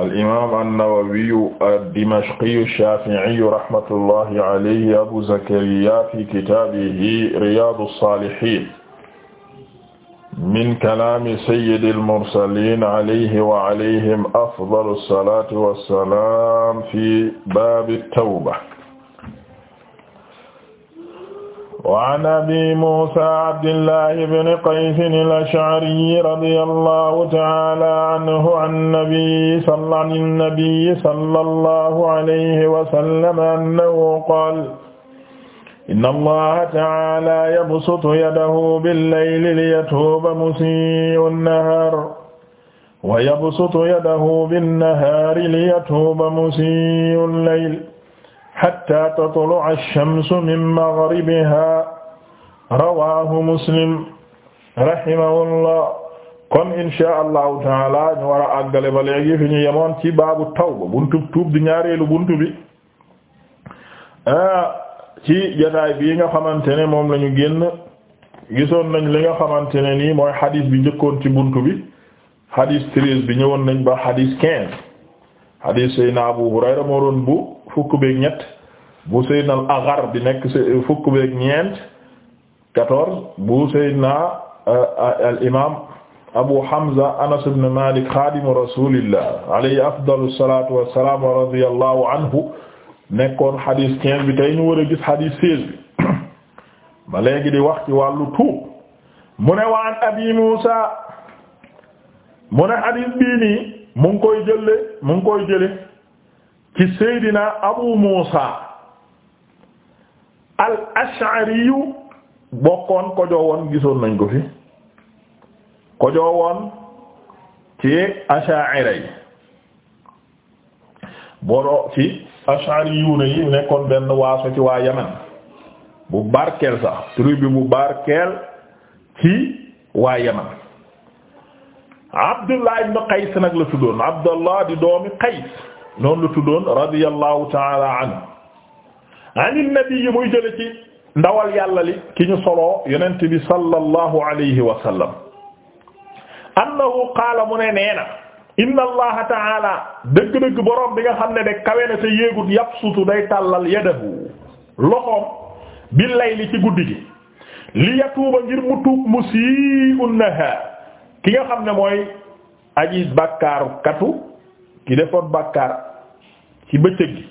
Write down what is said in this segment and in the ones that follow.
al-imaam an-Nawawiyu ad-Dimashqiyu ash-Shaafi'iyu rahmatullahi alayhi Abu Zakariya fi kitaabihi Riyaadu s-Saalihiin min kalaami sayyidil mursaliin alayhi wa alayhim afdalu s-salaatu wa s-salaam fi baabi t-tawba wa an abi Muusaa Abdillahi ibn Qays al-Ash'ari radiyallahu ta'ala anhu an-nabi sallallahu alayhi wa sallam annahu qaala inna Allaha ta'ala yabsutu yadahu bil-layli liyatuuba musii'u an-nahaar wa yabsutu yadahu bin-nahaari liyatuuba musii'u al-layl xataa tatluca alchamsu min maghribiha rawahu muslim rahimahullah kon insha allahu taala ñu war a àggale ba léegi fi ñu yemoon ci baabu tawba buntu tuub di ñaareelu buntu bi ah, ci jotaay bii nga xamante ne moom la ñu génn gisoon nañ li nga xamante ne nii mooy xadis bi njëkkoon ci buntu bi xadis treize bi ñëwoon nañ ba xadis quinze hadis Seydina Abu Hurayra moo doon bu fukk beeg ñett bu Seydina al-Aghar bi nekk fukk beeg ñeent quatorze bu Seydina euh, euh, al imaam Abu Hamza Anas ibn Malik xaadimu rasulillah alayhi afdalu salaatu wa salaam wa radiyallahu anhu nekkoon hadis quinze bi tey ñu war a gis hadis seize bi ba léegi di wax ci wàllu tuub mu ne waan Abi Muusa mu ne hadis bii nii. mu koy jële mu ngi koy jële ci seydina abu muusa al ashariyu bokkoon kojoo gisoon nañ ko fi kojoo woon ci ashaira yi boro ci ashariyuun yi nekkoon benn waaso ci waa yaman bu barkeel sax bi bu barkeel ci waa yaman Abdullah ibn Qays nag la tuddoon Abdullah di doomi Qays noonu la tuddoon radiyallahu ta'ala anhu an nabi muy jële ci ndawal yàlla li ki ñu soloo yonent bi sallallahu alayhi wa sallam annahu qaala mu ne nee na inna allaha ta'ala dëgg-dëgg boroom bi nga xam ne de kawe na te yéegut yabsutu day tàllal yadahu loxoom bil layli ci guddi gi li yatuuba ngir mu tuub musii'un nahaar ki nga xam ne mooy aji bàkkaaru katu ki defoon bàkkaar ci bëccëg gi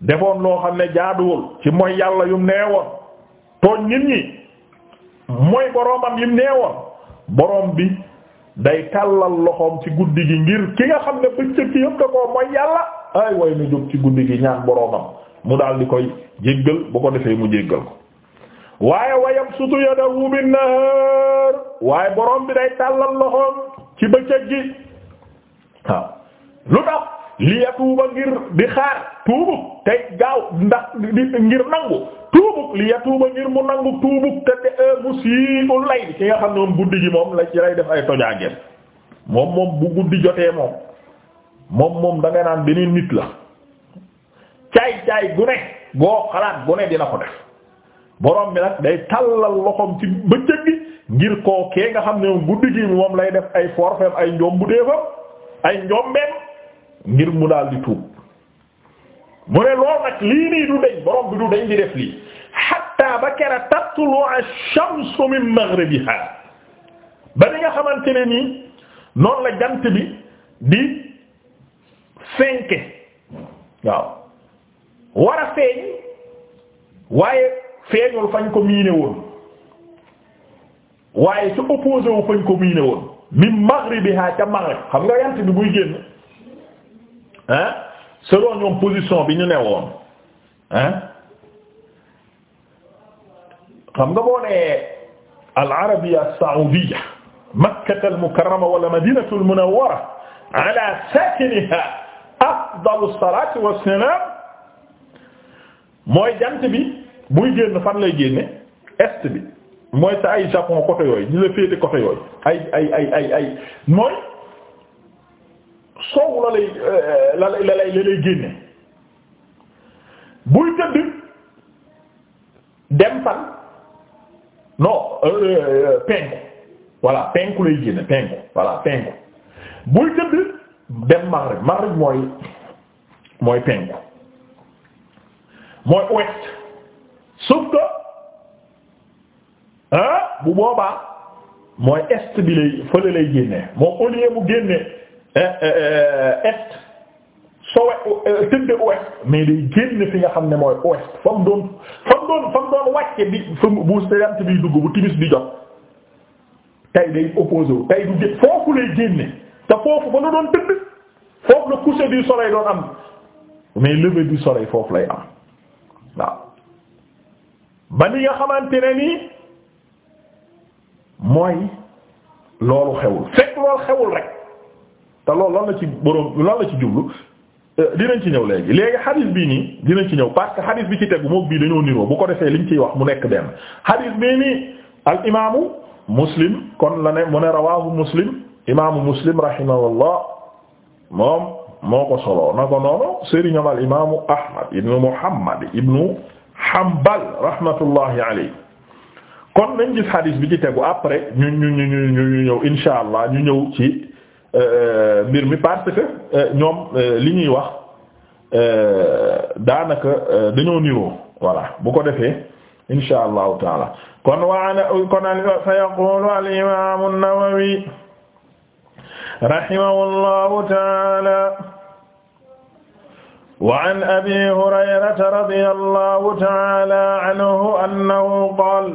defoon loo xam ne jaaduwul ci mooy yàlla yum neewoon tooñ nit ñi mooy boroomam yim neewoon boroom bi day tàllal loxoom ci guddi gi ngir ki nga xam ne bëccëg gi yëpp da mooy yàlla ay way nu jóg ci guddi gi ñaan boroomam mu daal di koy jéggal bu ko defee mu jéggal ko waaye wayam sutu yadahu bin nahar waaye borom bi day tàllal loxoom ci bëccëg gi waaw lu tax li yatuuba ngir di xaar tuubug tey gaaw ndax di ngir nangu tuubug li yatuuba ngir mu nangu tuubug te de euh, mu siiul lay di nga xam ne moom guddi gi moom la ci lay def ay tojaangeen moom moom bu guddi jotee moom moom moom da nga naan beneen nit la caay caay gu ne boo xalaat gu dina ko def borom bi nag day tallal loxoom ci bëccëg gi ngir koo nga xam ne moom guddi gi moom lay def ay forfeem ay njoom bu déefam ay njombeem ngir mu daal di tuub mu ne loolu nag lii nii du deñ borom bi du deñ di def lii hatta ba kera tatlu ash-shamsu min maghribiha ba di nga xamante ne nii noonu la jant bi di fenke waaw war a feeñ waaye feeñul fañ ko miine woon waaye su opposé wu fañ ko min maghribiha ca maghrib xam nga yant bi buy génn ah selon ñoom position bi ñu ne woon ah xam nga boo nee al arabia as-saoudia makkata al mukarrama wala madinatu al munawwara ala sakiniha afdalu salati wassalam mooy jant bi buy génn fan lay génne est bi mooy te ay japon côté yooyu ñu la féete côté yooyu ay ay ay ay ay mooy soow la lay euh, la lay génne buy tëdd dem fan non euh, euh, penku voilà penku lay génne penku voilà penku buy tëdd dem maghrib maghrib mooy mooy penku mooy ouest sauf que ah bu boobaa mooy est bi lay fële lay génne moom au mu génne euh, euh, est sowe euh, tënde ouest mais day génne fi nga xam ne mooy ouest fa mu doon fa mu doon fa mu doon wàcce bi fa mu bu sédante biy bu timis bi jot tay day opposé tay du gé foofu lay génne te foofu fa la doon tëdd foofu la coucher du soleil doon am mais lever du soleil foofu lay am waaw ba ni nga xamante mooy loolu xewul fekk loolu xewul rek te loolu lan la ci boroom lan la ci jublu euh, dinañ ci ñëw léegi léegi xadis bii nii dinañ ci ñëw parce que xadis bi ci tegu moom bii dañoo niroo bu ko defee liñ ciy wax mu nekk benn xadis bii nii al imaamu muslim kon la ne mu ne rawaahu muslim imaamu muslim rahimahullah moom moo ko soloo na ko noonu sëriñam al imaamu ahmad ibnu muhammad ibnu Hanbal rahmatullahi alayhi kon nañ gis hadith bi ci tegu après ñu ñu ñu ñu ñu ñëw insha allah ñu ñëw ci euh, mbir mi parce que euh, ñoom euh, li ñuy wax daanaka dañoo niroo voilà bu ko defee insha allahu taala kon waana kon al fa yaqulu al imam an-Nawawi rahimahullahu taala وعن أبي هريرة رضي الله تعالى عنه أنه قال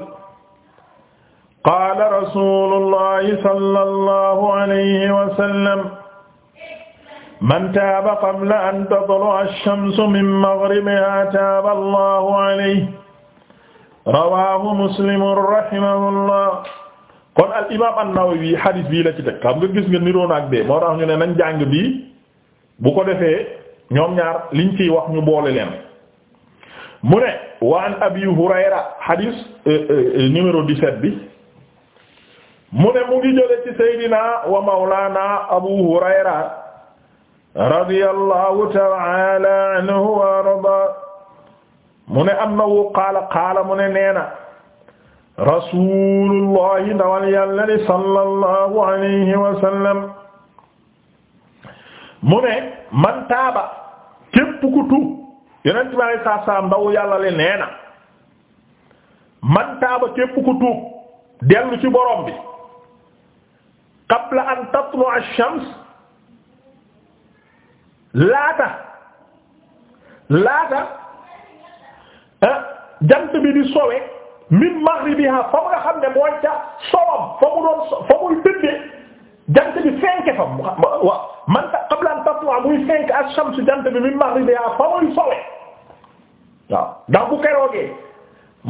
قال رسول الله صلى الله عليه وسلم من تاب قبل أن تطلع الشمس من مغربها تاب الله عليه رواه مسلم رحمه الله kon al imaam an-Nawawi xadis bii la ci teg xam nga gis nga niroo naag bee moo tax ñu ne nañ jàng bii bu ko defee. ñoom ñaar liñ wax ñu boole leen mu ne wa an abi hurayra hadis euh, euh, euh, numéro 17 bi mu ne mu ngi jële ci saydina wa mawlana abu hurayra radiyallahu ta'ala anhu wa mu ne annahu qaala qaala mu ne neena rasulullahi ndawal yàlla li sallallahu alayhi wa mu ne man taaba képp ku tuub yonent bi alayhi salaatu yàlla le nee man taaba képp ku dellu ci borom bi qabla an tatlu ash-shams laata laata ah, jant bi di sowe min maghribiha fa nga xam ne mooy ca sowam fa mu doon fa muy tëddee jant bi fenke fa waaw man qabla an tatlu'a muy fenk ash-shams jant bi min maghribiha fa muy sowe waaw ndax bu keroogee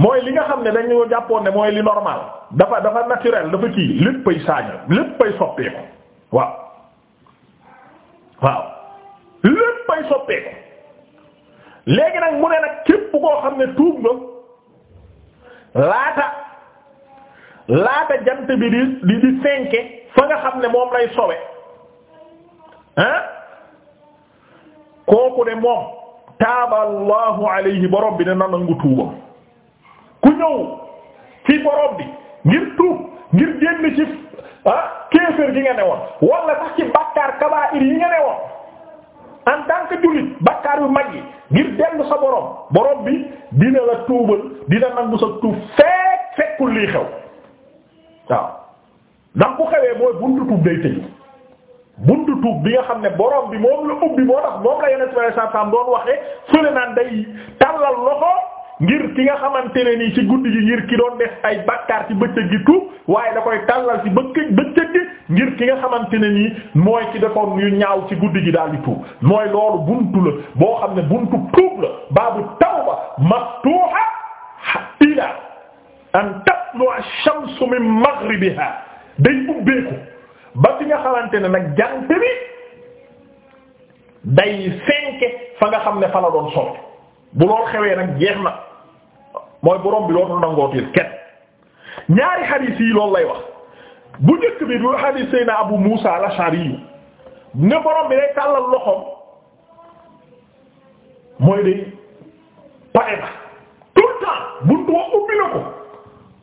mooy li nga xam ne dañu jàppoon ne mooy li normal dafa dafa naturel dafa kii léppay saañal léppay soppeeku waaw waaw léppay soppeeku léegi nag mu ne nag képp koo xam ne tuub nga laata laata jant bi di di di fenke fa nga xam ne moom lay sowe ah kooku de moom taaba allahu alayhi borom bi dana nangu tuubam ku ñëw ci borom bi ngir tuub ngir génn ci ah kéefër gi nga ne woon wala sax ci bakkaar kabaa'ir yi nga ne woon en tant que bakkaar yu mag yi ngir dellu sa borom borom bi dina la tuubal dina nangu sa tuub fekk fekkul lii xew waaw ndax bu xewee mooy buntu tuub day tëj buntu tuub bi nga xam ne borom bi moom la ubbi moo tax moom la yeneen sallallahu alayhi wasallam doon waxee fële naan day tàllal loxo ngir ki nga xamante ne nii ci guddi gi ngir ki doon def ay bakkaar ci bëccëg gi tuub waaye da koy tàllal ci bëccëg bëccëg gi ngir ki nga xamante ne nii mooy ci defoon yu ñaaw ci guddi gi daal di tuub mooy loolu buntu la boo xam ne buntu tuub la baabu tawba maftuha ila an tatlu ash-shamsu min maghribiha day ubbeeku ba fi nga xamante ne nag jant bi day fenke fa nga xam ne fa la doon sol bu lool xewee nag jeex na mooy borom bi loolu nangootil kenn ñaari xadiis yi loolu lay wax bu njëkk bi bu xadiis Seydina Abu Muusa al-Ash'ari ne borom bi day tàllal loxoom mooy day pare ba tout le temps ubbi na ko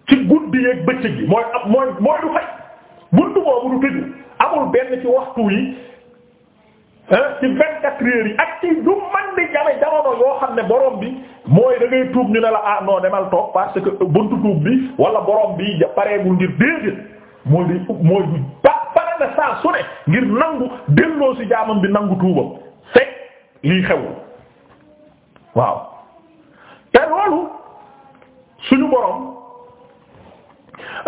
ci guddi yeeg bëccëg gi mooy mooy mooy du fay buntu boobu du tëju amul benn ci waxtu yi ci vingt quatre yi ak ci du man di jame jamono yoo xam ne borom bi mooy da ngay tuub ñu ne la ah non demal toog parce que buntu tuub bi wala borom bi pareegul ngir déedéet mooy di mooy ba pare na saa su ne ngir nangu delloo ci jaamam bi nangu tuubam fekk lii xewul waaw te loolu suñu borom.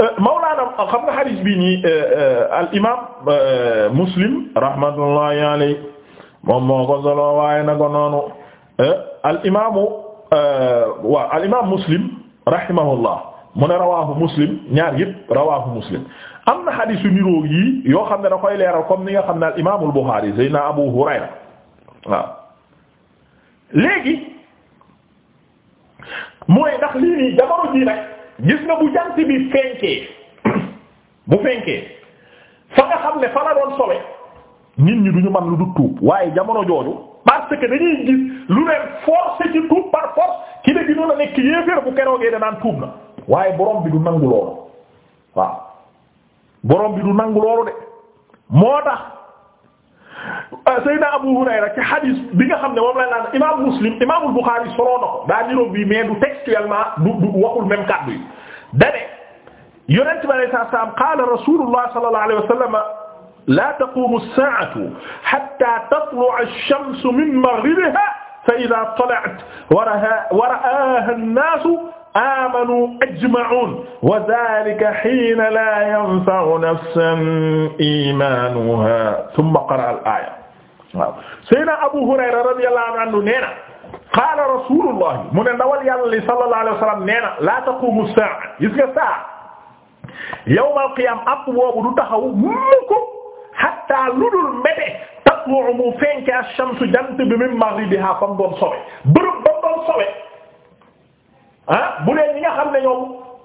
Euh, Mawlaana xam nga hadith bi nii euh, euh, al imaam Muslim rahmatullahi alayhi moom moo ko solo waaye na ko noonu al imaamu waaw al imaam Muslim rahimahullah mu ne rawaahu Muslim ñaar yëpp rawaahu Muslim am na hadith yu niroog yi yoo xam ne da koy leeral comme ni nga xam ne al imaamul Buxaari Seydina Abu Hurayra waaw léegi mooy ndax lii nii jamono jii nag. gis nga bu jant bi fenkee bu fenkee fa nga ne fa la doon sowe nit ñi duñu man lu du tuub waaye jamono jooju parce que dañuy gis lu leen forcer ci tuub par force ki ne dina la nekk yéeféer bu keroogee danaan tuub na waaye borom bi du nangu loolu waaw borom bi du nangu loolu de moo tax Euh, Seydina Abu Hurayra ci hadis bi nga xam ne moom lañ naan imaam Muslim imaamul Buxaari soloo na ko daa niroog bi mais du textuellement du du waxul même kàddu yi dane yonent bi alayhi salaam qaala rasuulullah sallallahu alayhi wa sallam laa taquumu as-saa'atu hattaa tatlu'a ash-shamsu min maghribihaa fa idhaa tala'at wa ra'aahaa an-naasu amanu ajma'un wa dhalika hina la yanfa'u nafsan imanuha thumma qara'a al-aya waaw Seydina Abu Hurayra radiyallahu anhu nee na qaala rasulullah mu ne ndawal yàlla li sallallahu alayhi wa sallam nee na la taqumu saa gis nga saa yawmal qiyaam app boobu du taxaw mu ko hatta ludul mbete tatlu'u mu fenk ash-shamsu jant bi min maghribiha fam doon sowe bërëb bam doon sowe ah bu dee ñi nga xam ne ñoom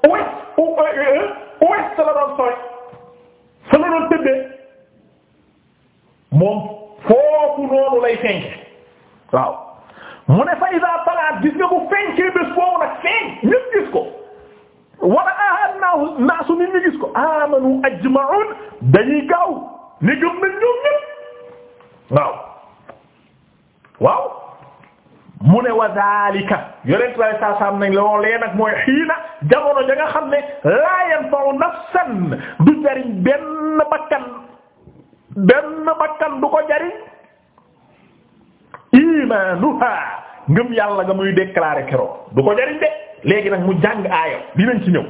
ouest euh, euh, ouest la doon sowe fa la doon tëddee moom foofu noonu lay fenk waaw mu ne fa iza talaat gis nga bu fenkee bés wala aha naaw naasu nit ñi amanu ajma'un dañuy gaaw ne gëm waaw mu ne wa zalika yonent bi saa saam nañ mooy xiina jamono ja nga xam ne la yanfa'u nafsan du jariñ benn bakkan benn bakkan du ko jariñ imaanuha ngëm nga muy déclarer keroog du ko jariñ de léegi nag mu jàng aaya dinañ ci ñëw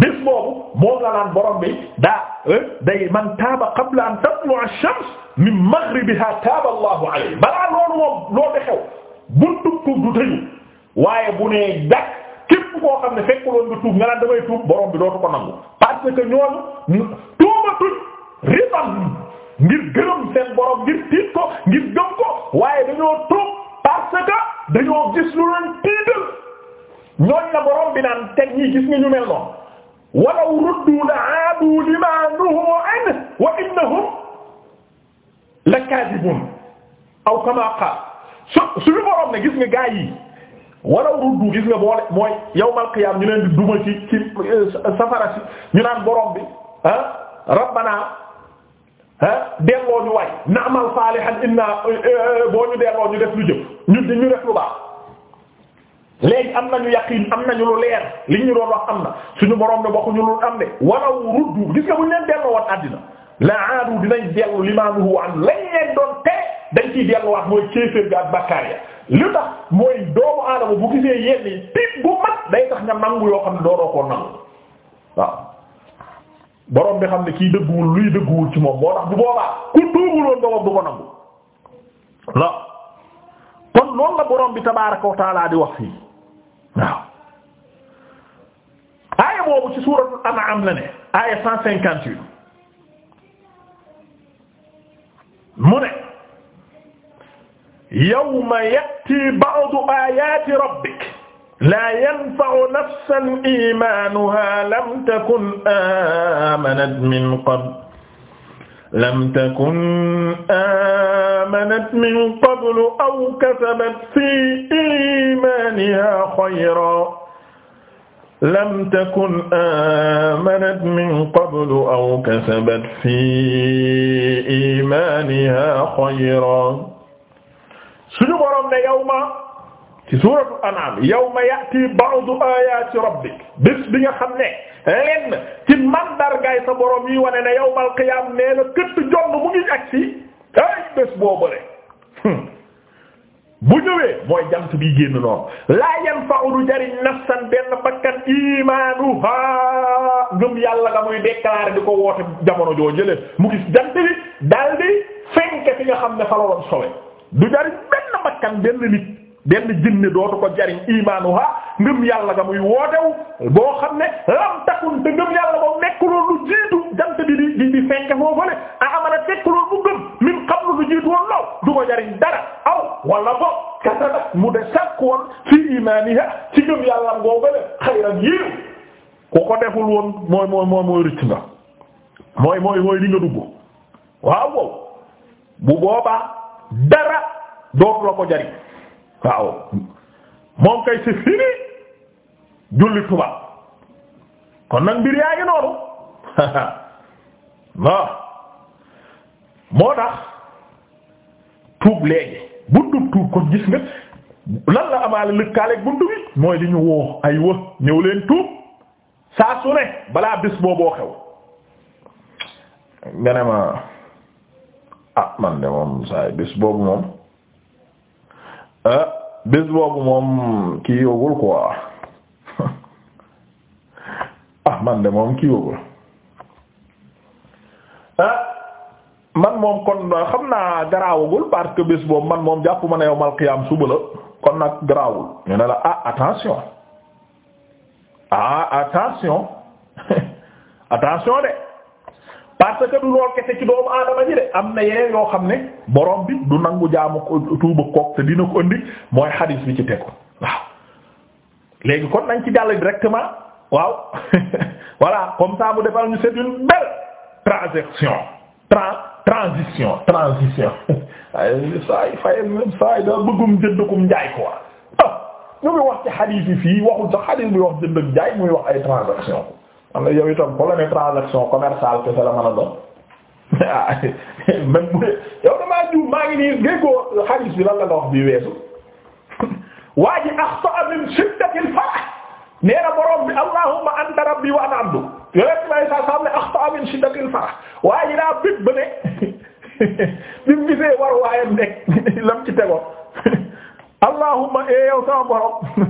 bis boobu moo la naan borom bi daa euh, day man taaba qabla an tatlu ash-shams min maghribiha taaba Allahu alayhi balaa loolu moom loo de xew buntu tuub du tëju waaye bu nee dak képp koo xam ne fekkuloon nga tuub nga naan damay tuub borom bi dootu ko nangu parce que ñoom tuubatuñ riban ngir gërëm seen borom ngir tiit ko ngir gëm ko waaye dañoo toog parce que dañoo gis lu leen tiital ñooñ la borom bi naan teg ñi gis nga ñu mel noonu walaw ruddu la aadu limaa nuhuu anhu wa innahum la kaadibuun aw kamaa qaal su suñu borom ne gis nga gaa yi walaw ruddu gis nga boole mooy yawmal qiyaam ñu leen di duma ci ci euh, safara si ñu naan boroom bi ah rabbanaa ah delloo ñu waay na'mal saalihan inna eh, boo ñu delloo ñu def lu jëf ñu di ñu def lu baax léegi am nañu yaqiin am nañu lu leer li ñu doon wax am na suñu borom ne waxuñu lu am de walaw ruddu gis nga bu ñu leen delloo woon àddina la aadu dinañ dellu limaanuhu an lañ leen doon te dañ ciy delluwaat mooy kéefër ga ak lu tax mooy doomu aadama bu gisee yenn yi bu mag day tax nga nangu yoo xam ne dooroo koo nangu borom bi xam ne kii dëgguwul luy dëgguwul ci moom moo tax bu boobaa ku tuubuloon doomam du ko nangu la kon loolu la borom bi tabaaraka wa taala di wax fii waaw aaya boobu ci suuratul an'am la ne aaya 158 mu ne yawma ya'ti ba'du aayaati rabbik laa yanfa'u nafsan iimaanuhaa lam takun aamanat min qabl lam takun aamanat min qablu aw kasabat fii iimaanihaa xayran lam takun aamanat min qablu aw kasabat fii iimaanihaa xayran suñu boroom ne yawma ci suuratu an'am yawma ya'ti ba'du ayati rabbik bés bi nga xam ne lenn ci mandargaay sa borom yi wane ne yawmal qiyaam nee na këtt jonn mu ngi agsi ay bés boobale bu ñëwee mooy jant bi génn noonu laa yanfa'u du jariñ nafsan benn bakkan imaanuha gëm yàlla nga muy déclarer di ko woote jamono joo jëlee mu gis jant bi daldi fenk fi nga xam ne fa la doon du jariñ benn bakkan benn nit benn jinne dootu ko jariñ imaanuha ngëm yàlla nga muy wootew boo xam ne lam takun te ngëm yàlla moom nekkuloon lu jiitu jant bi di di di fenk foofale a amana tekkuloon bu ngëm min qablu lu jiitu woon law du ko jariñ dara aw wala bo kasabat mu de sàkk woon fi imaaniha ci ngëm yàlla ngoogale xayran yiiw ku ko deful woon mooy mooy mooy mooy rëcc nga mooy mooy mooy li dugg waaw wow bu boobaa dara dootu la ko jariñ waaw moom kay c'est fini julli tubaab kon nag mbir yaa ngi noonu waaw moo tax tuub léegi buntub tuub kon gis nga lan la amaale lëkkaaleeg buntu bi mooy di ñu woo ay wa ñëw leen tuub saa su ne balaa bis booboo xew nga ne ma ah man de moom saay bis boobu moom Ah, bés boobu moom kii yóbbul quoi ah man de moom kii yóbbul ah man moom kon xam na garaawagul parce que bés boobu man moom jàpp ma ne yawmal qiyaam suba la kon nag garaawul ñu ne la ah attention ah attention attention de. parce que du lool kese ci doomu aadama ji de am na yeneen yoo xam ne boroom bi du nangu jaamu tuuba kook te dina ko indi mooy xadiis bi ci tegu waaw léegi kon nañ ci jàll directement waaw voilà comme ça mu defal ñu c'est une belle transaction trans transition transition saa yi fay même saa yi daal bëggum jënd kum njaay quoi ah ñu ngi wax ci xadiis yi fii waxul sax xadiis bi wax jënd ak njaay muy wax ay transaction am na yow itam ko ne transaction commerciale te sa doon même bu dee juum maa ngi nii géej ko xadiis bi lan bi weesu waa ji axta min shiddatil farah nee na borom bi allahumma anta rabbi wa ana abdu yonent bi saa saa am ne axta min shiddatil farah waa ji daa bit ba ne bi mu gisee war waayam nekk lam ci tego allahumma ee eh, yow sama borom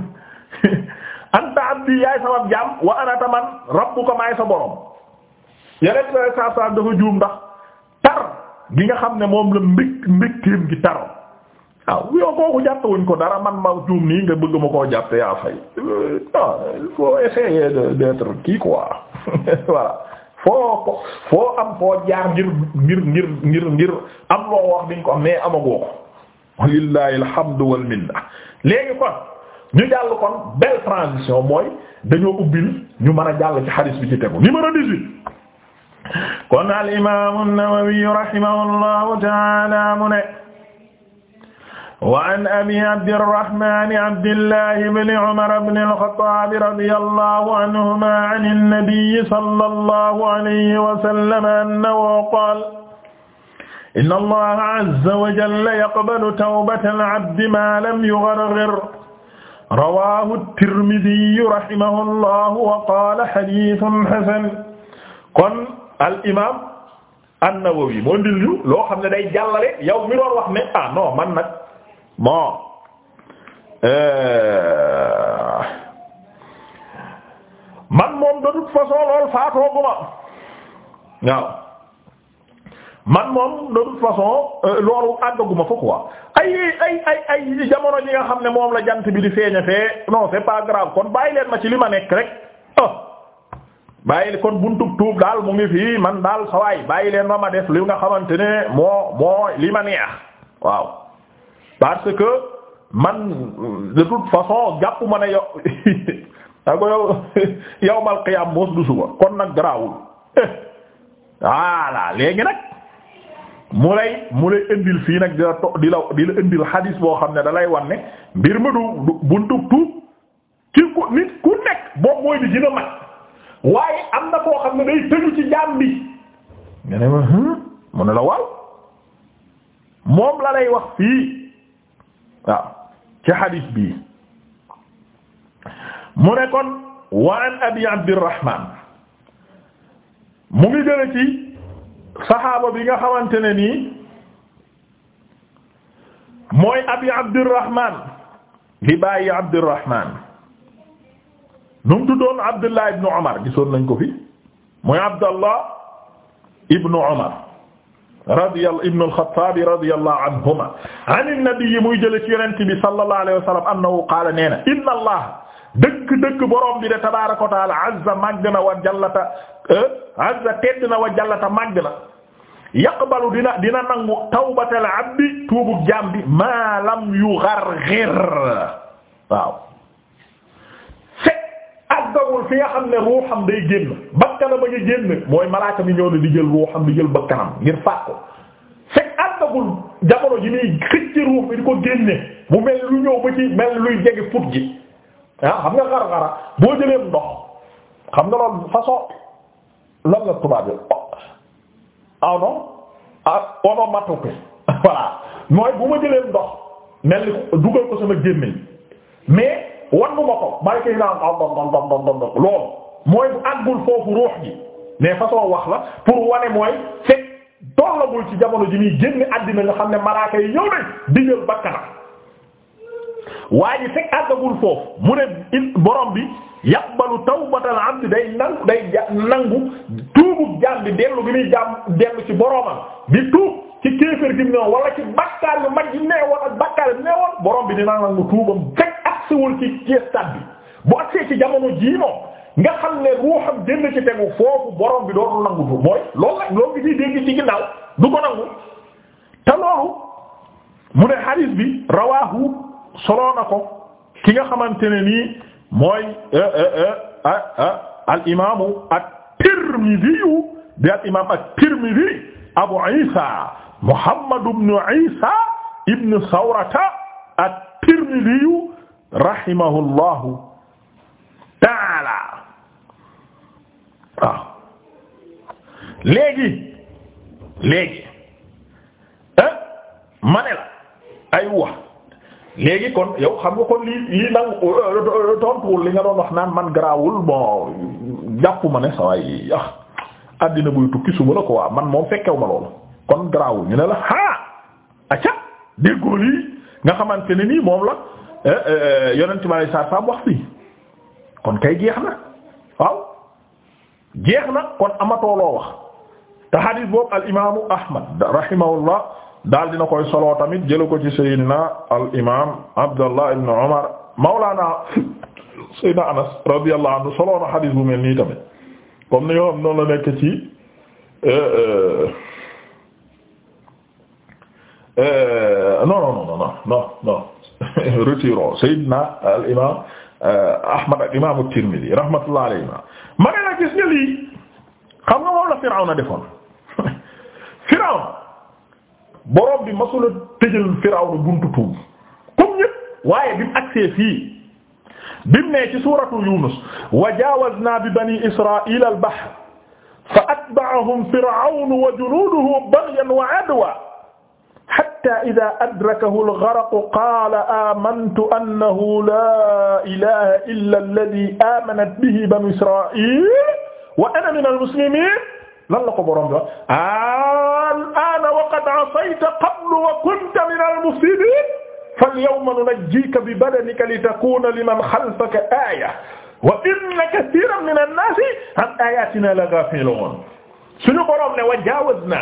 abdi yaay sama jaam wa ana taman rabbuka maay sa dafa juum ndax tar gi nga xam ne moom la mbég mbégteem gi taro waaw yow kooku jàppe wuñ ko dara man ma juum nii nga bëgg ma koo jàppe yaa fay il faut essayer d'être kii quoi voilà foo foo am foo jaar ngir ngir ngir ngir ngir am loo wax diñ ko am mais amagoo ko walillahi alhamdu wal minna léegi kon ñu jàll kon belle transition mooy dañoo ubbil ñu mën a jàll ci xadis bi ci tegu numéro 18 kon al imam an-Nawawi rahimahullahu ta'ala mu ne wa an abi abdirrahman abdillah ibn umar ibn al-khattab radiyallahu anhuma an an-nabi sallallahu alayhi wa sallam annahu qala inna allaha azza wa jalla yaqbalu tawbata al-abdi ma lam yugharghir rawaahu tirmidiyu rahimahullah wa qaala xadiisun xasan kon al imaam an-Nawawi moo ndil ñu loo xam ne day jàllale yow mi doon wax ne ah non man nag bon euh, man moom de toute façon lool faatoo bu ma waaw man moom de toute façon euh, loolu àggaguma fa quoi ay ay ay ay jamono ji nga xam ne moom la jant bi di feeña fee non c'est pas grave kon bàyyi leen ma ci li ma nekk rek ah bàyyi kon buntub tuub daal mu ngi fii man daal sawaay bàyyi leen ma ma def li nga xamante ne moo moo li ma neex waaw parce que man de toute façon jàpp ma ne yow da ko yow yawmal moos du suba kon nag garaawul voilà léegi nag mu lay mu lay indil fii nag di la to di indil xadis boo xam ne dalay lay wan ne mbir mi du buntu tuub ci ku nit ku nekk boobu mooy bi dina mag waaye am na koo xam ne day tëju ci jaam bi hmm? mu ne wax fii waaw ci xadis bii mu kon wa an abi abdirrahman mu ngi jële ci saxaaba bi nga xamante ne nii mooy abi abdirahman di bàyyi abdirahman nu mu tuddoon abdullah ibnu omar gisoon nañ ko fi mooy abdallah ibnu omar radiyallahu ibnu alxattaab radiyallahu anhuma an an-nabi muy jële ci yonent bi sallallahu alayhi wa sallam annahu qaala nee na inna allah dëkk-dëkk borom bi de tabaaraka wa taala azza màgg na wa jallata eh, azza tedd na wa jallata màgg na yaqbalu dina dina nangu tawbatal abdi tuubu jaam bi ma lam yugharghir waaw fekk àggawul fi nga xam ne ruuxam day génn bakkanam a ngi génn mooy malaaka mi ñëw ne di jël ruuxam di jël bakkanam ngir faat ko fekk àggawul jamono ji muy xëcc ruux bi di ko génne mu mel lu ñëw ba ci mel luy jege put ji ah xam nga xar-xara boo jëlee ndox xam nga loolu façon lan la tubaab yi aw non ah onomatopée voilà mooy bu ma jëlee ndox mel ni dugal ko sama gémmiñ mais wan ma ko bari koy naa am mooy bu àggul foofu ruux gi mais façon wax la pour wane mooy fekk dollagul ci jamono ji muy génn àddina nga xam ne ma yi ñëw nañ digal waaye fekk àggagul foofu mu ne borom bi yaqbalu tawbatal abd day nangu day nangu tuubu jaam bi dellu gi muy jaam dellu ci boroomam di tuub ci kéefër gi mu newoon wala ci bakkaar yu mag yi newoon ak bakkaar yu borom bi dina nangu tuubam fekk agsiwul ci gestat bi bu agsee ci jamono jii moom nga xam ne ruuxam génn ci tegu foofu borom bi dootul nangu tuub mooy loolu nag loolu ngi ciy dégg ci ginnaaw du ko nangu te loolu mu ne hadith bi rawaahu solo na ko ki nga xamante ne nii. mooy eh, eh, eh, ah, ah, al imaamu at-Tirmidhi di al imaam at-Tirmidhi Abu Isa Muhammad ibn Isa ibn Sawrata at-Tirmidhi rahimahullahu taala waaw ah. léegi léegi ma ne la ay wax léegi kon yow xam nga kon lii lii nag euh, tontuwul li nga doon wax naan man garaawul bon jàpp ma ne sawaay ah àddina buy tukki suba la ko waa man moom fekkew ma loolu kon garaawul ñu ne la ah acca déggoo lii nga xamante ne nii moom la euh, euh, yonent ma lay saa saa wax fii kon kay jeex na waaw jeex na kon amatooloo wax te xadiis boobu al Ahmad rahimahullah daal dina koy solo tamit jëla ko ci sayyidina al imam abdallah ibn umar mawlana sayyidina anas radiyallahu anhu solo na xadiis bu mel nii tamit comme ni nga xam noonu la nekk ci euh, euh, euh, non non non non non non retiro sayyidina al imam ahmad ak imam at-tirmidhi rahmatullahi alayhima ma ne la gis nga lii xam nga moom la firawna defoon borom bi masula tëjal Firawna buntu tuub comme ñépp waaye bi mu agsee fii bi mu nee ci suuratu Yunus wa jaawaznaa bi banii Israa'iila al-bahr fa atba'ahum Firawnu wa junuuduhu baghyan wa 'adwan hattaa idhaa adrakahu al-gharaqu qaala aamantu annahu laa ilaaha illaa alladhii aamanat bihi banuu Israa'iila wa ana mina al-muslimiin lan la ko borom bi wax qad asayta qablu wa kunta min al-mufsidin falyawma nunajjika bi badanika litakuna liman khalfaka aya wa inna kathiran min an-nasi an ayatina la ghafilun suñu borom ne wa jaawazna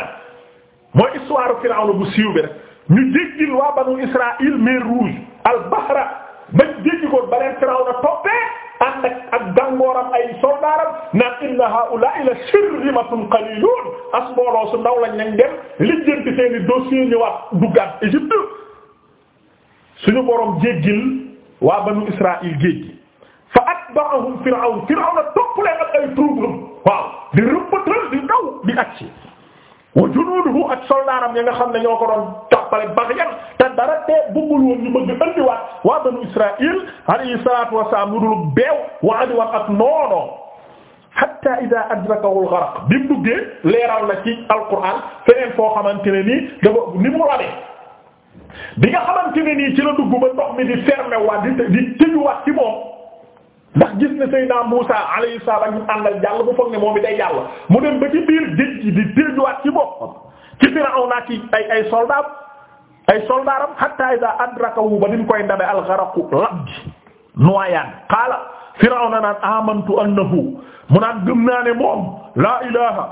mooy histoire Firawna bu siiw bi rek ñu jéggil waa banu Israël mer rouge al-bahra bañ jéggi ko ba leen Firawna toppee ànd ak ak gàngooram ay soldaaram naan inna haa'ulaa'i la shirzimatun qaliilun as mbooloo su ndaw lañ nañ dem lijjanti seeni dossier ñëwaat duggaat Égypte suñu borom jéggil waa banu Israaïl jéggi fa atba'ahum Fir'awn Fir'awn topp leen ak ay trouble waaw di rëbbatal di daw di agsi wa junuuduhu ak soldaaram ya nga xam nañoo ko doon jàppale baxyan te dara te bëggul woon ñu bëgg andiwaat waa banu Israaïl alayhi salaatu wa salaam lu waa andiwaat ak noonoo hatta ida adrakahu al-gharaq bi xamante ne ni mu rabee bi nga xamante ne nii ci la dugg ba ndox mi di fermer waat di di tëjuwaat ci moom. ndax gis ne Seydina Muusa alayhi salaam ñu àndal jàll bu foog ne moom it day jàll mu dem ba ci biir géej gi di déjwaat ci boppam ci Firawna ci ay ay soldat ay soldaram hatta iza adrakahu ba nim koy ndabe al-gharaqu lab ji noyaan qaala Firawna naan amantu annahu mu naan gëm naa ne moom laa ilaha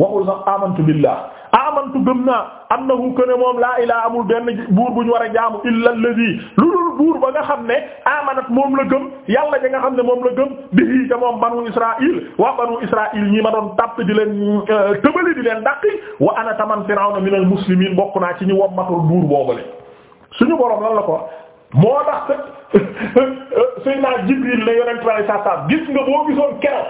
waxul sax amantu billah amantu gëm naa annahu kana moom laa ilaha amul benn buur bu ñu war a jaamu illa alladhi buur ba nga xam ne amanat moom la gëm yàlla ja nga xam ne moom la gëm bihi ca moom banu israil waa banu israil ñi ma doon tàpp di leen euh, tëbali di leen dàqi wa ana taman firawna min al muslimin bokk naa ci ñu wommatul buur boobale suñu borom lan la ko moo tax euh, Seydina Jibril la yonent bi alayhi salaam gis nga boo gisoon keroog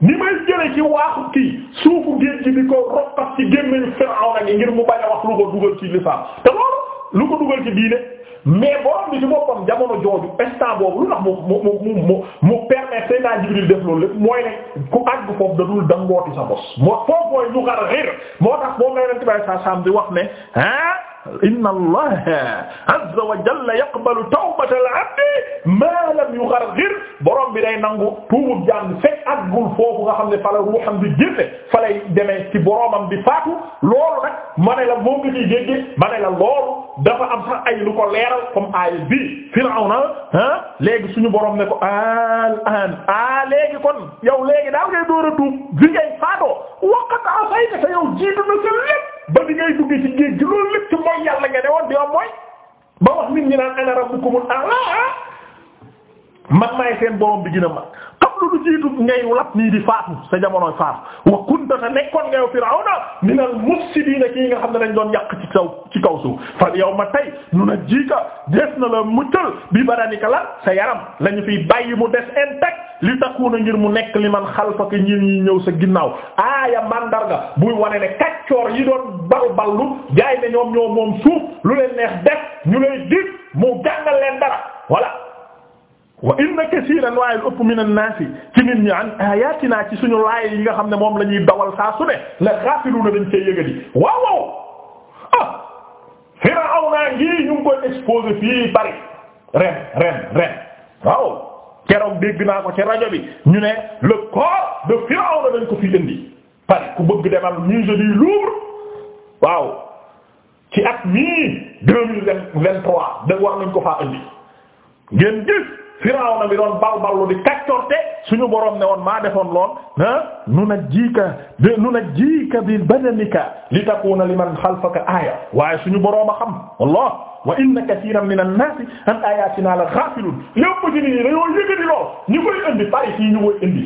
ni may jële ci waaxu kii suufu géej gi di ko rokkas ci gémmiñu Firawna gi ngir mu bañ a wax lu ko dugal ci lislaam te loolu ko mais borom bi ci boppam jamono jooju instant boobu lu tax mu mu mu mu mu permettre naa Jibril def loolu lépp mooy ne ku àgg foofu da dul dangooti sa bos moo foofu mooy ñu xar xir moo tax boobu la Yonent bi sallallahu alayhi di wax ne ah. inna allaha azza wa jalla yaqbalu tawbata al abdi ma lam yugharghir borom bi day nangu tuubub jaam fekk aggul foofu nga xam ne fala ruuxam bi génne falay demee ci boromam bi faatu loolu nag ma ne la moo ngi ciy dégg ma ne la loolu dafa am sax ay lu ko leeral comme aaya bi Firawna ah léegi suñu borom ne ko al an ah léegi kon yow léegi daal ngay door a tuub fi ngay faatoo waqat asayta yow jiitu na sa lépp ba di ngay dugg ci géej gi loolu lépp ci mooy yàlla nga ne woon di mooy ba wax nit ñi naan ana rabbukumul a'la man maay seen borom bi gën a mag qablu lu jiitu ngay lap nii di faatu sa jamonoy faatu wa kunta nekkoon ngay firawna minal mufsidiina kii nga xam ne dañ doon yàq ci kaw ci kaw suuf fal yawma tey nunajjiika des na la muccal bi baranika la sa yaram lañu fiy bàyyi mu des intact li takkuuna ngir mu nekk li man xalfaka ñi ñi ñëw sa ginnaaw aaya mandarga buy wane ne kaccoor yi doon bal ballu jaay ne ñoom ñoo moom suuf lu leen neex def ñu lay dig mu jàngal leen dara voilà wa inna kasiran waaye lu ëpp min annaasi ci nit ñi an ayatina ci suñu laay yi nga xam ne moom la ñuy dawal saa su ne la xaafiluuna dañ cee yëgadi waaw waaw ah Firawna ngi ñu ngi koy exposé fii Paris ren ren waaw keroog dégg naa ko ci rajo bi ñu ne le corps de Pharaon la dañ ko fi indi pare ku bëgg demal musée du Louvre waaw ci at mii deux mille vingt trois da war nañ ko faa indi ngeen gis Firawna bi doon balballu di kaccorte suñu boroom ne woon maa defoon lool ah nu na jiika nu na jiika bi badanika li takuna liman xalfaka aaya waaye suñu boroom a xam Allah wa inna kathiran min an-naasi an ayatina la ghaafilun lépp ci nit ñi dañoo yëgati lool ñu koy indi pare fii ñu koy indi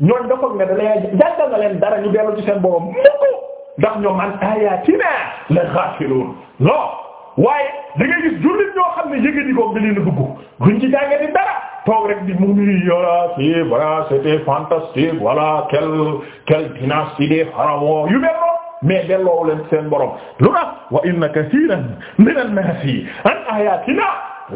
ñooñ dafa ne da leen jàngal na leen dara ñu dellu ci seen borom mukk ndax ñoom an ayatina la ghaafilun non waaye da ngay gis jullit ñoo xam ne yëgati ko nga leen a dugg duñ ci jàngati dara. toog rek di mu ngi yola si voilà c'était fantastique voilà quelle quelle dynastie des pharaons yu mel noonu mais delloowu leen seen borom lu tax wa inna katiran min an-naasi an ayatina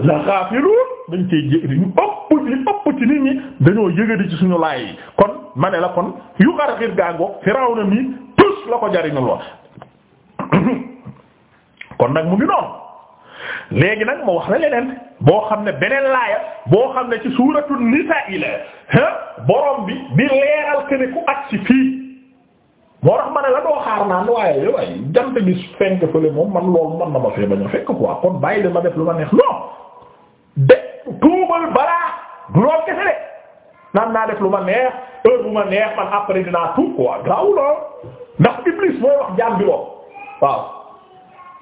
la ghaafilun dañ cey jëriñ ëpp li ëpp ci nit ñi dañoo yëgadi ci suñu laay yi kon ma la kon yu xarxir gaango na mi tous la ko jariñu lool kon nag mu ngi noonu léegi nag ma wax la leneen boo xam ne beneen laaya boo xam ne ci suuratu nisaa ila ha bi bi leeral ke ne ku agsi fii moo tax ma ne la doo xaar naan waaye yow ay jant bi fenk fële moom man loolu man na ma fee bañ a fekk quoi kon bàyyi la def lu ma neex non de tuubal balaa du loolu kese de naan naa def lu ma neex heure bu ma neex man après dinaa tuub quoi gaaw lool ah ndax Iblis mooy wax jaam bi lool waaw.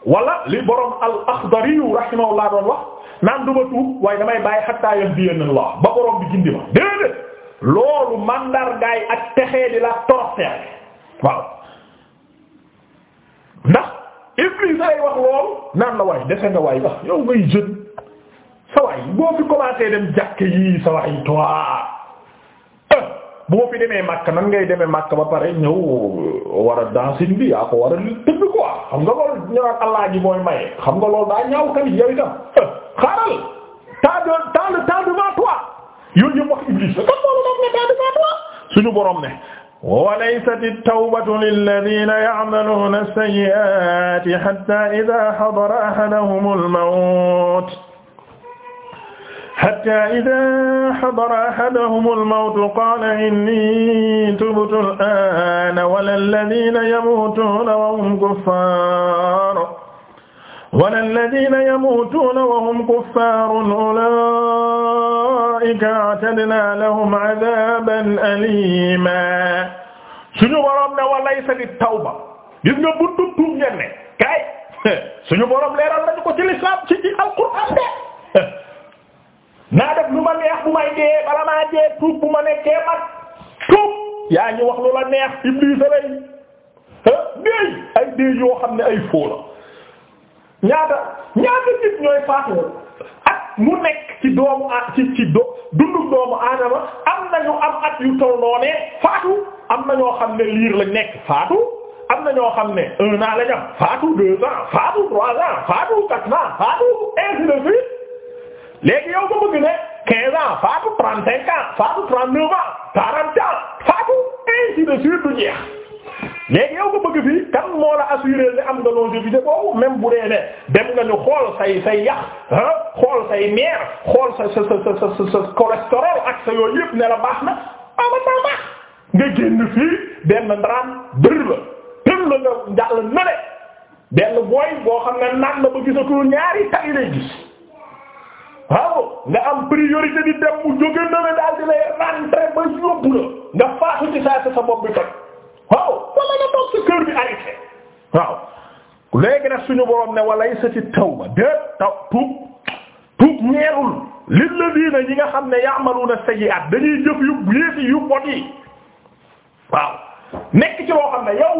wala li borom al-Akhdari rahimahullah doon wax naan du ma tuub waaye damay bàyyi hatta yahdiyallah ba borom bi gindi ma déedéet loolu mandargaay ak texee waaw ndax Iblis ay wax lool naan la waay dese nga waay wax yow ngay jeune sa waay boo fi commencé dem jàkke yi sa waay toi eh, boo fi demee màkk nan ngay deme màkk ba pare ñëw euh, war a dansin bi yaa ko war a tëdd quoi xam nga loolu ñu naan allah ji mooy maye xam nga loolu daa ñaaw tamit yow itam eh, xaaral temps temps de yooyu yëpp wax Iblis kan moo la doon ne temps devant suñu borom ne. وليست التوبة للذين يعملون السيئات حتى إذا حضر أحدهم الموت حتى إذا حضر أحدهم الموت قال إني تبت الآن ولا الذين يموتون وهم كفار ولا الذين يموتون وهم كفار أولئك ulaa'ika a'tadnaa lahum 'adaaban aliimaa suñu ko ci lislaam ci ci alquraan de naa def lu ma neex bu may dee bala maa dee tuub bu ma nekkee mat tuub yaa ngi wax lu la neex Iblis lay ah, déey ay déey yoo xam ne ay foo ñaata ñaata nit ñooy faatu mu nekk ci doomu ah ci ci do dundu doomu aadama am na ñu am at yu toll noonee faatu am na ñoo xam ne liir lañ nekk faatu am na ñoo xam ne un an lañ am faatu deux ans faatu trois ans faatu quatre ans faatu ainsi de suite léegi yow ma bëgg ne quinze ans faatu trente du jeex. léegi yow nga bëgg fii kan moo la assuré ne am nga longévité boobu même bu dee ne dem nga ñu xool say say yax xool say meer xool sa sa sa sa sa cholestérol ak sa yooyu yëpp ne baax na ah man maa baax nga génn fii benn ndaraan dër la booy boo xam ne naan na ba gisatul ñaari tali lay gis waaw nga am priorité di dem mu jóge na la daal di lay rentré ba yóbbu la nga faatu ci saa sa bopp bi waaw wala nga toog sa kër bi arrêté waaw léegi nag suñu borom ne walay sa ci tawba déet taw tuub tuub ñeerul lil la diina ñi nga xam ne ya ya'maluna sayyi'at dañuy jëf yu yéesi yu bot yi waaw nekk ci loo xam ne yow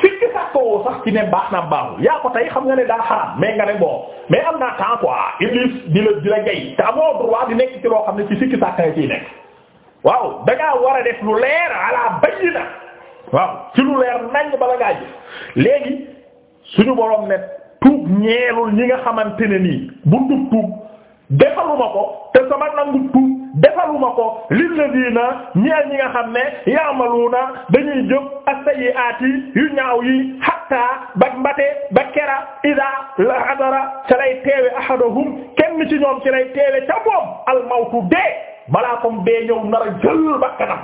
sikki sàkkowoo sax ci ne baax na baaxul yaa ko tey xam nga ne daal xaraam mais nga ne bon mais am naa temps quoi iblis di la di la gay te amoo droit di nekk ci loo xam ne ci sikki sàkka ciy nekk waaw dangaa war a def leer ala bayyina waaw ci lu leer nañ bala ngaa gis léegi suñu borom ne tuub ñeelul ñi nga xamante ne nii buntu tuub defaluma ko te sama nangu tuub defaluma ko lil ladina ñeel ñi nga xam ne na dañuy jóg as-sayyi'ati yu ñaaw yi hatta ba mbate ba kera ida la hadara ca lay teewe ahaduhum kenn ci ñoom ci lay teewe ca moom al mawtu dee balaa comme bee ñëw nar a ba kanam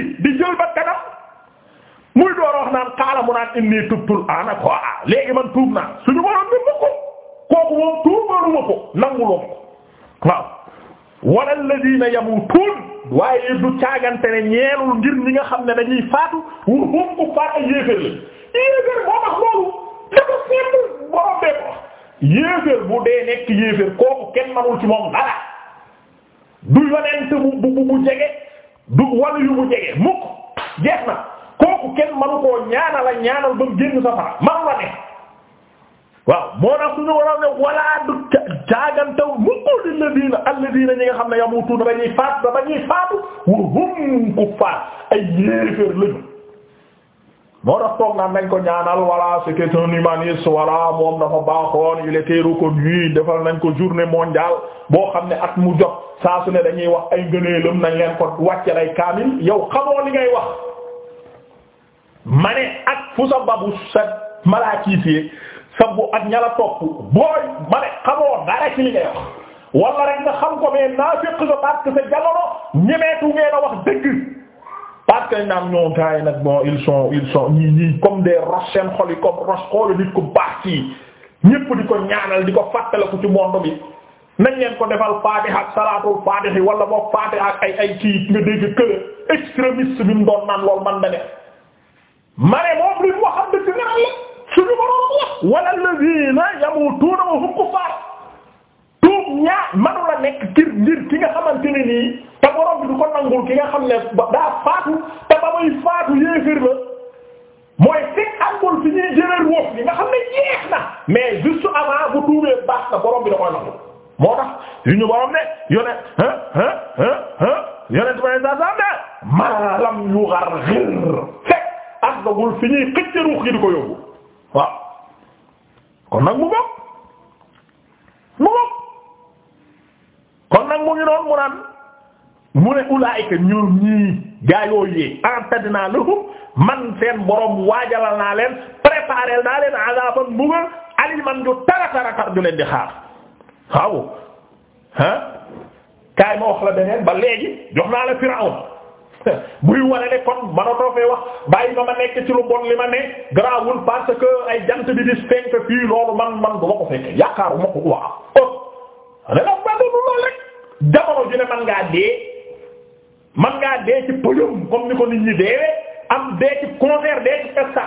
di jël ba kanam muy door wax naan xaala mu naan inni tubtul ana quoi ah, léegi man tuub naa suñu waroon bi mu ko kooku moom tuubaluma ko nanguloo ko waaw wala alladina yamutuun waaye du caagante ne ñeelul ngir ñi nga xam ne dañuy faatu wu hum ku faat ay la yéeféer boo tax loolu dafa simple borom bee ko yéeféer bu dee nekk yéeféer kooku kenn manul ci moom dara du yonent bu bu bu jege du wala yu mu jege mukk jeex na kooku kenn manu koo ñaanal ba mu génn safara manu la waaw moo tax suñu waral ne wala du jaagantaw mukkul lilladiina alladiina ñi nga xam ne yamutuuna ba ñuy faatu ba faatu wa hum kuffaar ay yéeféer lañu moo tax toog naan nañ ko ñaanal voilà c'était un humaniste moom dafa baaxoon il ko reconnu defal nañ ko journée mondiale boo xam ne at mu jot saa su ne dañuy wax ay ngëneelam nañ leen ko wàcce lay kaamil yow xamoo li ngay wax ma ne ak fu sa babu sa malaakiisee sa bu ak ñala topp booy ma ne xamoo dara ci li ngay wax wala rek nga xam ko mais naa fekk sa parce sa jamono ñemeetu ngeen a wax dëgg parce que naan ñoo gars yi nag bon ils sont ils sont ñii comme des roches seen yi comme roche xoolu nit ku baax ci ñépp di ko ñaanal di ko fàttaliku ci monde bi nañ leen ko defal Fatiha ak salaatul Fatihi wala boog Fatiha ak ay kii nga dégg kële extrémiste bi mu doon naan lool man da ne ma ne moom li mu wax am dëgg nga la suñu borom wax wala allazina yamutuuna wa hum kuffaar tuub ñaa manu la nekk ngir ngir ki nga xamante ne nii te borom bi du ko ki nga xam ne daa faatu te ba muy faatu yéefér la mooy fekk angul fi ñuy jëlee ruux bi nga xam ne jeex na mais juste avant bu tuubee baax na borom bi da koy moo tax yu ñu borom ne yone hein hein hein hein yonent ba ne saa saa ne malam yu xar xir fekk àggagul fi ñuy xëcc ruux gi di ko kon nag mu bokk mu bokk kon nag mu ngi noonu mu naan mu ne ulaayika ñoom ñii gaa yooyu yee antadinaa lahum man seen borom waajalal naa leen préparé naa leen azaban mbugal aliman ju tara tara tar ju leen di xaar waaw ah kaay ma wax la beneen ba léegi jox naa la Firawun buy ware ne kon manatoo fee wax bàyyi ma ma nekk ci lu bon li ma ne garaawul parce que ay jant bi di fenk fii loolu man man du ma ko fekk yaakaaru ma ko renom ba du lool rek jamono ju ne man ngaa dee man ngaa dee ci pëjum comme ni ko nit ñi deewee am dee ci concert dee ci festa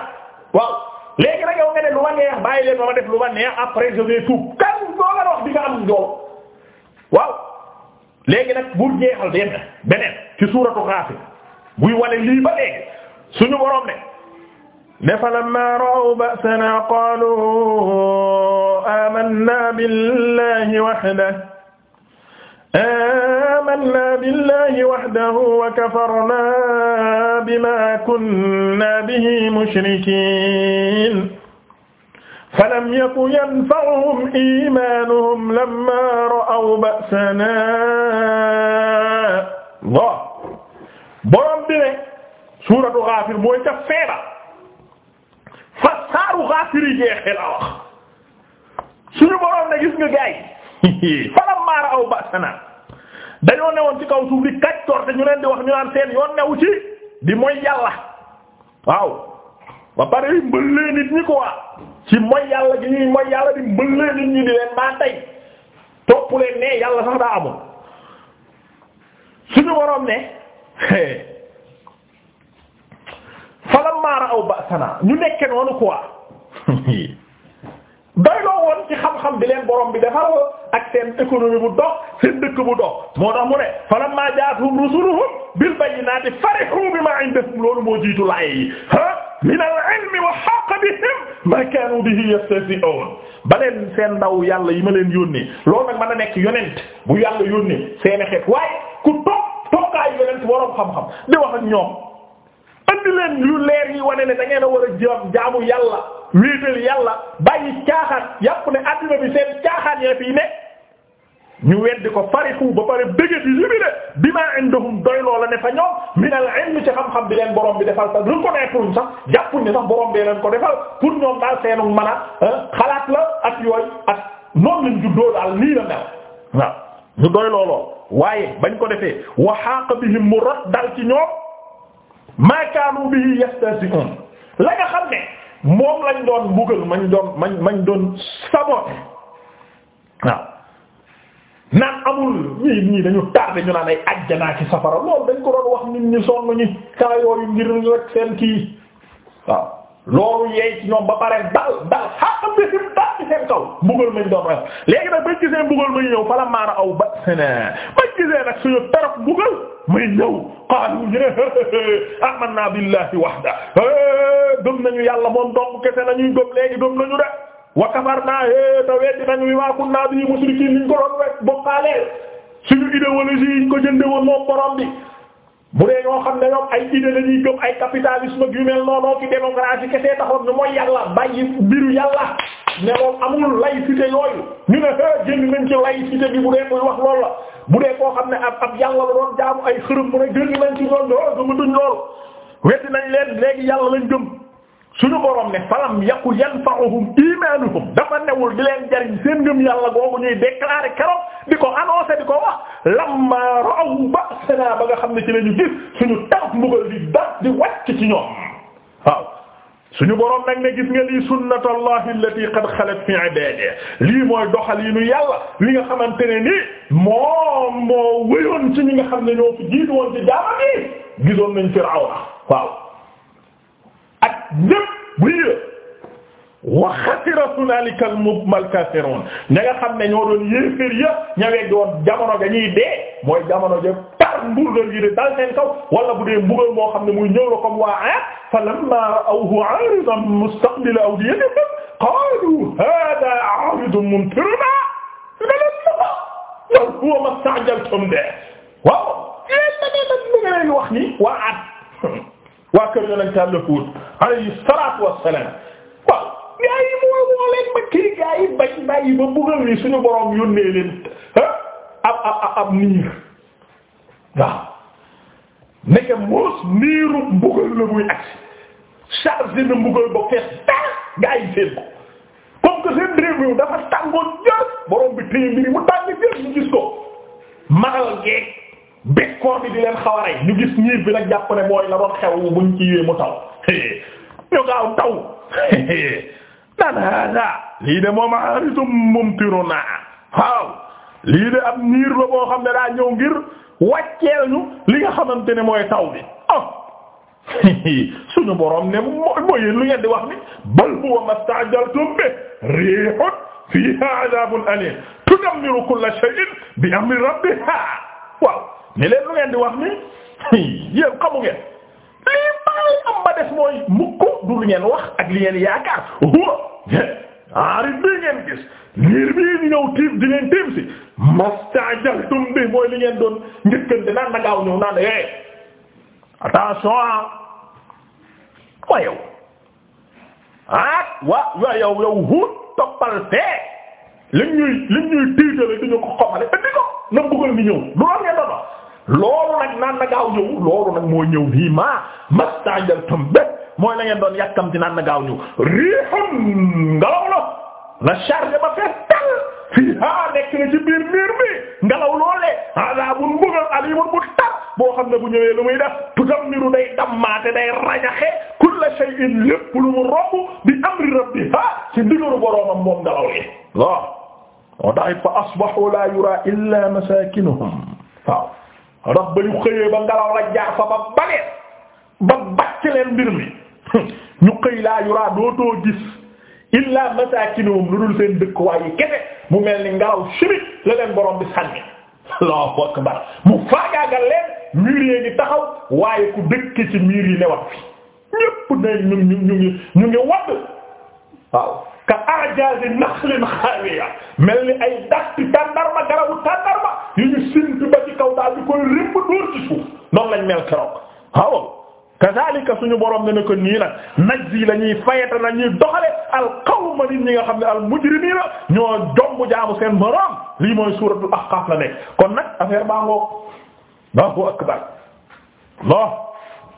waaw léegi nag yow nga ne lu ma neex bàyyi leen ma ma def lu ma neex après je vais tout kan doo la wax di nga am jool waaw léegi nag bu jeexal benn beneen ci suuratu Ghaafir buy wane lii ba léegi suñu borom ne ne falammaa ra'aw ba'sanaa qaaluu aamannaa billaahi wahdahu aamannaa billaahi wahdahu wa kafarnaa bimaa kunnaa bihi mushrikiin falam yakun yanfa'uhum iimaanuhum lammaa ra'aw ba'sanaa. Boroom bi ne suuratu Ghaafir mooy ca feebar. saaru xaasiri jeexe la wax suñu boroom ne gis nga gaay falam maara aw basana dañoo newoon ci kaw suuf di kaccoor te ñu leen di wax ñu naan seen yoon new ci di mooy yàlla waaw ba pare yi mbëllee nit ñi ko waa ci mooy yàlla di mbëllee nit ñi di leen maa tey topp leen ne yàlla sax daa amul suñu boroom ne falammaa ra'aw ba'sanaa ñu nekke noonu quoi doyloo woon ci xam-xam bi leen borom bi defar ak seen économie bu dox seen dëkk bu dox moo tax mu ne falammaa jaa'athum rusuluhum bil bayyinaati farihuu bimaa 'indahum loolu moo jiitu laay yi ah min al-'ilmi wa haaqa bihim maa kaanuu bihi yastahzi'uun ba leen seen ndaw yàlla yi ma leen yónnee loolu nag mën a nekk yonent bu yàlla yónnee seen xeet waaye ku toog toogaayu yonent borom xam-xam di wax ak ñoom. andi leen yu leer yi wane ne da ngeen a war a jëm jaamu yàlla wéetal yàlla bàyyi caaxaan yàpp ne adduna bi seen caaxaan ya fii ne ñu weddi ko farihu ba pare bëgg di li bi ne bimaa indahum doy loola ne fa ñoom min al ilm ci xam-xam bi leen borom bi defal sax reconnaître wuñ sax jàppuñ ne sax borom bee leen ko defal pour ñoom daal seenu mën a xalaat la ak yooyu ak noonu lañ juddoo daal lii la mel waaw ñu doy looloo waaye bañ ko defee wa haqa bihim mu rot ci ñoom. ma kaanu bihi yastahzi'un la nga xam ne moom lañ doon mbugal mañ doon mañ mañ doon saboté waaw naan amul ñii ñii dañu tardé ñu naan ay ajjanaa ci safara loolu dañ ko doon wax nit ñi sonn ñi kaa yooyu ngir rek seen kii waaw loolu yeey ci ñoom ba pare dal dal xaq bi ci dal ci seen kaw mbugal mañ doon rek léegi nag bañ gisee mbugal may ñëw fala maana aw ba sena bañ gisee nag suñu taraf mbugal may ñëw qaalu ñu ne amanna billahi wahda gëm nañu yàlla moom dong kese nañuy gëm léegi gëm nañu de wa kafarna te weddi nañu wi ma kunna bi mushrikin liñ ko doon rek bokkaale suñu idéologie yi ñu ko jënde woon moo borom bi bu dee ñoo xam ne ñoom ay idée la ñuy gëm ay capitalisme ak yu mel noonu ki démocratie kese taxoon ne mooy yàlla bàyyi mbiru yàlla ne moom amul laïcité yooyu ñu ne hee génn nañ ci laïcité bi bu dee koy wax loolu la bu dee koo xam ne ab ab yàlla la doon jaamu ay xërëm mu ne génn nañ ci loolu lool gëmatuñ lool weddi nañ leen léegi yàlla lañ gëm. suñu borom ne falam yàqu yanfa'uhum imanuhum dafa newul di leen jariñ seen ngëm yàlla googu ñuy déclarer keroog di ko annoncer di ko wax lamma ra'aw ba'sana ba nga xam ne ci la ñu gis suñu tax mbugal di dal di wàcc ci ñoom waaw suñu borom nag ne gis nga lii sunnatullahi allati qad xalat fi ibadihi lii mooy doxaliinu yàlla li nga xamante ne nii moom moo wéyoon ci ñi nga xam ne ñoo fi jiitu woon ci jaama bi gisoon nañ Firawna waaw ak ñépp bu yéex wa xasira hunaalika al kaafirun ña nga xam ne ñoo doon yéeféer ya ñawee doon jamono ga ñuy dee mooy jamono ja par mbuur doon yi de dal seen kaw wala bu dee mbugal moo xam ne muy ñëw la comme waa Aad falamma ra'awhu 'aaridan mustaqbila awdiyatihim qaalu haadaa 'aaridun mumtirunaa bal huwa maa ista'jaltum bihi waaw yéen da ngeen da ngeen wax ni waa Aad waa kër yonent Yàlla Huud alayhi salaatu wassalaam waaw gaa yi moo moo leen ma kii gaa yi bañ bàyyi ba buggal ni suñu boroom yónnee leen ah, ab ab ab niir waaw nekk moos niiru mbugal la muy agsi chargé na mbugal ba fees dara gaa yi ko comme que seen réew dafa tàngoon jër boroom bi téye mbiri mu tàng jër ñu gis ko bekkoor bi di leen xaw a rey ñu gis ñiir bi nag jàpp ne mooy la doon xew buñ ci yee mu taw ñu gaaw taw nanaana lii de moom aritum mumtiruna waaw lii de am niir la boo xam ne daa ñëw ngir wàcceel ñu li nga xamante ne mooy taw bi ah suñu borom ne mooy lu ngeen wax ni bal huwa mastajaltum bi rihun fiha adabun alim tudammiru kulla shay'in bi amri rabbiha waaw ne leen lu ngeen di wax ni yéen xamu ngeen lii baay am ba mooy mukk du lu ngeen wax ak li ngeen yaakaar huwa aari bii ngeen gis niir bii di li ngeen doon njëkkante naan na ñëw naan eh attention ah wa yow ah wa wa toppal fee li ñuy li ñuy tiitale di ñu ko xomale indi ko na bëggal mi ñëw du ngeen doon loolu nag naan na gaaw ñëw loolu nag moo be mooy la ngeen doon yàkkamti naan na gaaw ñëw riihun ngelaw la la charge ba fees tal haa nekk na ci biir miir mi ngelaw loole azabun mbugal alimun bu tar boo xam ne bu ñëwee lu muy def tudammiru day dammaate day rajaxe kulla shay'in lépp lu mu romb bi amri rabbiha ci ndigalu boroomam moom ngelaw li waaw moo tax fa asbahu la yura illa masakinuhum ndax ba ñu xëyee ba ngelaw la jaar fa ba baleen ba bàcc leen mbir mi ñu xëy laa yuraa dootoo gis illa masakinuhum lu dul seen dëkkuwaay yi kese mu mel ni ngelaw chimique la leen borom bi sànni Allahu akbar mu faagaagal leen miir yee ngi taxaw waaye ku dëkk ci miir yi ne wax fi ñépp ne ñu ñu ñu ngi ñu ngi wadd waaw ka a'jaazi naxlin xaawiya mel ni ay dàtt tàndarma garabu tàndarma yu ñu simpi ba ci kaw daal di koy rëbb dóor ci suuf noonu lañ mel keroog ka kazaalika suñu borom ne ne ko nii nag nag la lañuy fayata la ñuy doxale al qawma nit ñi nga xam ne al ñoo jomb jaamu seen borom lii mooy suuratul ahqaaf la nekk kon nag affaire baa ngoog Allahu akbar non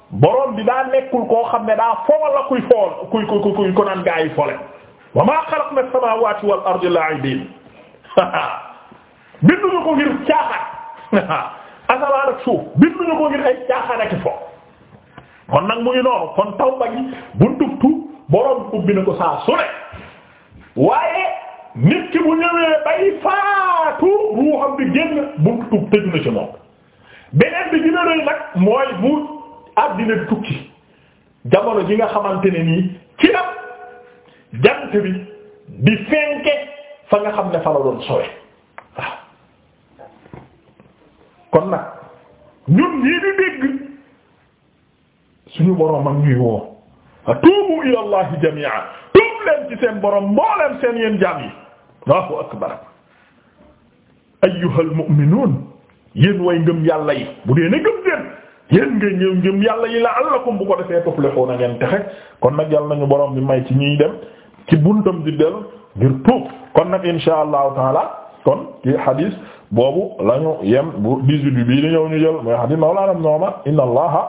borom bi daa nekkul koo xam ne daa fowal kuy fool kuy kuy kuy ko naan gaa yi fole wa maa xalaqna as-samaawaati wal arda laa'ibiin binduñu ko ngir caaxaan asamaan ak suuf binduñu ko ngir ay caaxaan ak fo kon nag mu ngi kon taw ba gi bu ñëwee bay faatu ruuxam bi génn tëju na ci moom beneen bi dina rëy nag mooy bu àddina tukki jamono ji nga xamante ne nii. jant bi di nga xam ne fa la doon sowe waaw kon nag ñun ñii di dégg suñu boroom ak ñuy woo atuubu ila allahi jami'a tuub leen ci seen boroom mbooleen seen yeen jaam yi allahu akbar ayyuhal mu'minuun yéen way ngëm yàlla yi bu dee ne ngëm ngeen yéen ngëm yàlla yi la la'allakum bu ko defee tuflihuuna ngeen texe kon nag yàlla nañu borom bi may ci ñuy dem ci buntam di dellu ngir tuub kon nag insha allahu taala kon ci hadis boobu lañu yem bu 18 bi bii di ñëw ñu jël mooy hadis mawlana nooma inna allaha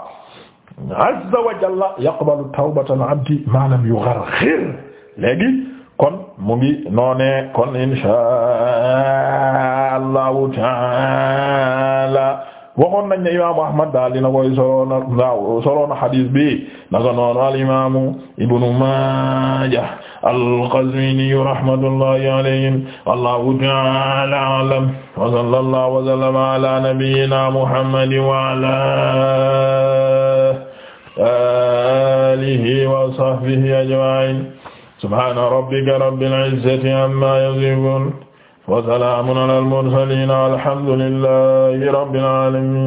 azza wa jalla yaqbalu tawbata al abdi ma lam yugharghir léegi kon mu ngi noonee kon insha allahu taala waxoon nañ ne imaamu Ahmad daal dina koy soloona waaw soloona xadiis bi naka noonu al imaamu Ibnu Maaja al-Qazwini rahmatullahi alayhim wallahu ta'ala a'lam wa sallallahu wa sallama ala nabiyyina Muhammadin wa ala alihi wa sahbihi ajma'in subhana rabbika rabbil izzati amma yasifun wa salaamun alal mursaliin alhamdulillahi rabbil aalamiin